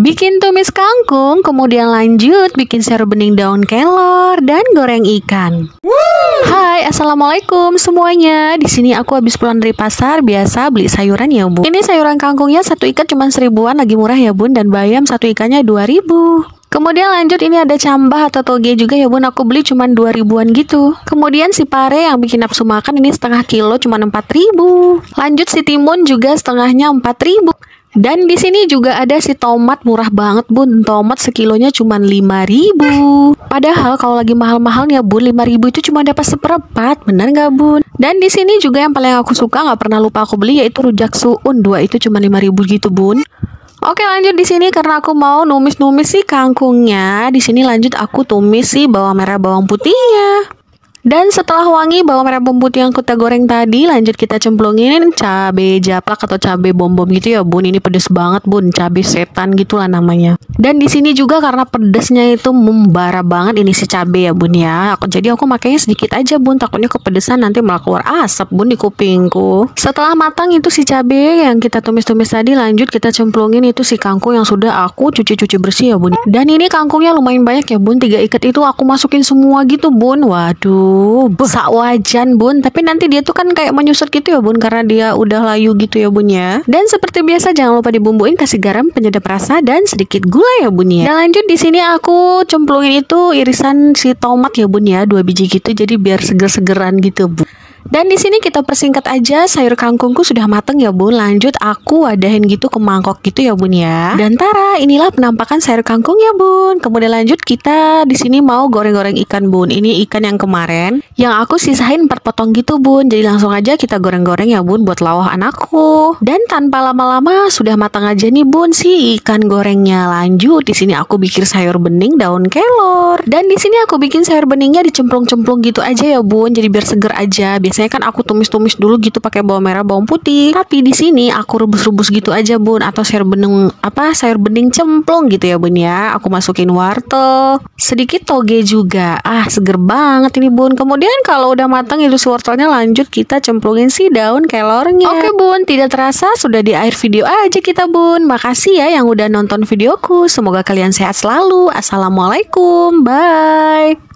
Bikin tumis kangkung, kemudian lanjut bikin serut bening daun kelor dan goreng ikan. Hai, assalamualaikum semuanya. Di sini aku habis pulang dari pasar biasa beli sayuran ya bu. Ini sayuran kangkungnya satu ikat cuma seribuan lagi murah ya bun dan bayam satu ikannya dua ribu. Kemudian lanjut ini ada cambah atau toge juga ya bun aku beli cuma 2 ribuan gitu. Kemudian si pare yang bikin nafsu makan ini setengah kilo cuma 4 ribu. Lanjut si timun juga setengahnya 4 ribu. Dan di sini juga ada si tomat murah banget bun Tomat sekilonya cuma 5 ribu Padahal kalau lagi mahal-mahalnya bun 5 ribu itu cuma dapat seperempat Bener gak bun? Dan di sini juga yang paling aku suka gak pernah lupa aku beli yaitu rujak suun Dua itu cuma 5 ribu gitu bun Oke lanjut di sini karena aku mau numis-numis si kangkungnya. Di sini lanjut aku tumis si bawang merah, bawang putihnya. Dan setelah wangi bawang merah bumbu yang kita goreng tadi, lanjut kita cemplungin cabe japlak atau cabe bombom bom gitu ya, Bun. Ini pedes banget, Bun. Cabe setan gitulah namanya. Dan di sini juga karena pedesnya itu membara banget ini si cabe ya, Bun ya. Aku jadi aku makanya sedikit aja, Bun. Takutnya kepedesan nanti malah keluar asap, Bun, di kupingku. Setelah matang itu si cabe yang kita tumis-tumis tadi, lanjut kita cemplungin itu si kangkung yang sudah aku cuci-cuci bersih ya, Bun. Dan ini kangkungnya lumayan banyak ya, Bun. Tiga ikat itu aku masukin semua gitu, Bun. Waduh Aduh, besar wajan bun. Tapi nanti dia tuh kan kayak menyusut gitu ya bun, karena dia udah layu gitu ya bun ya. Dan seperti biasa jangan lupa dibumbuin kasih garam penyedap rasa dan sedikit gula ya bun ya. Dan lanjut di sini aku cemplungin itu irisan si tomat ya bun ya, dua biji gitu. Jadi biar seger-segeran gitu bun. Dan di sini kita persingkat aja sayur kangkungku sudah mateng ya bun. Lanjut aku wadahin gitu ke mangkok gitu ya bun ya. Dan tara inilah penampakan sayur kangkung ya bun. Kemudian lanjut kita di sini mau goreng-goreng ikan bun. Ini ikan yang kemarin yang aku sisain 4 potong gitu bun. Jadi langsung aja kita goreng-goreng ya bun buat lawah anakku. Dan tanpa lama-lama sudah matang aja nih bun si ikan gorengnya. Lanjut di sini aku bikin sayur bening daun kelor. Dan di sini aku bikin sayur beningnya dicemplung-cemplung gitu aja ya bun. Jadi biar seger aja. Biar Biasanya kan aku tumis-tumis dulu gitu pakai bawang merah, bawang putih. Tapi di sini aku rebus-rebus gitu aja, Bun, atau sayur bening apa sayur bening cemplung gitu ya, Bun ya. Aku masukin wortel, sedikit toge juga. Ah, seger banget ini, Bun. Kemudian kalau udah matang itu wortelnya lanjut kita cemplungin si daun kelornya. Oke, Bun, tidak terasa sudah di akhir video aja kita, Bun. Makasih ya yang udah nonton videoku. Semoga kalian sehat selalu. Assalamualaikum. Bye.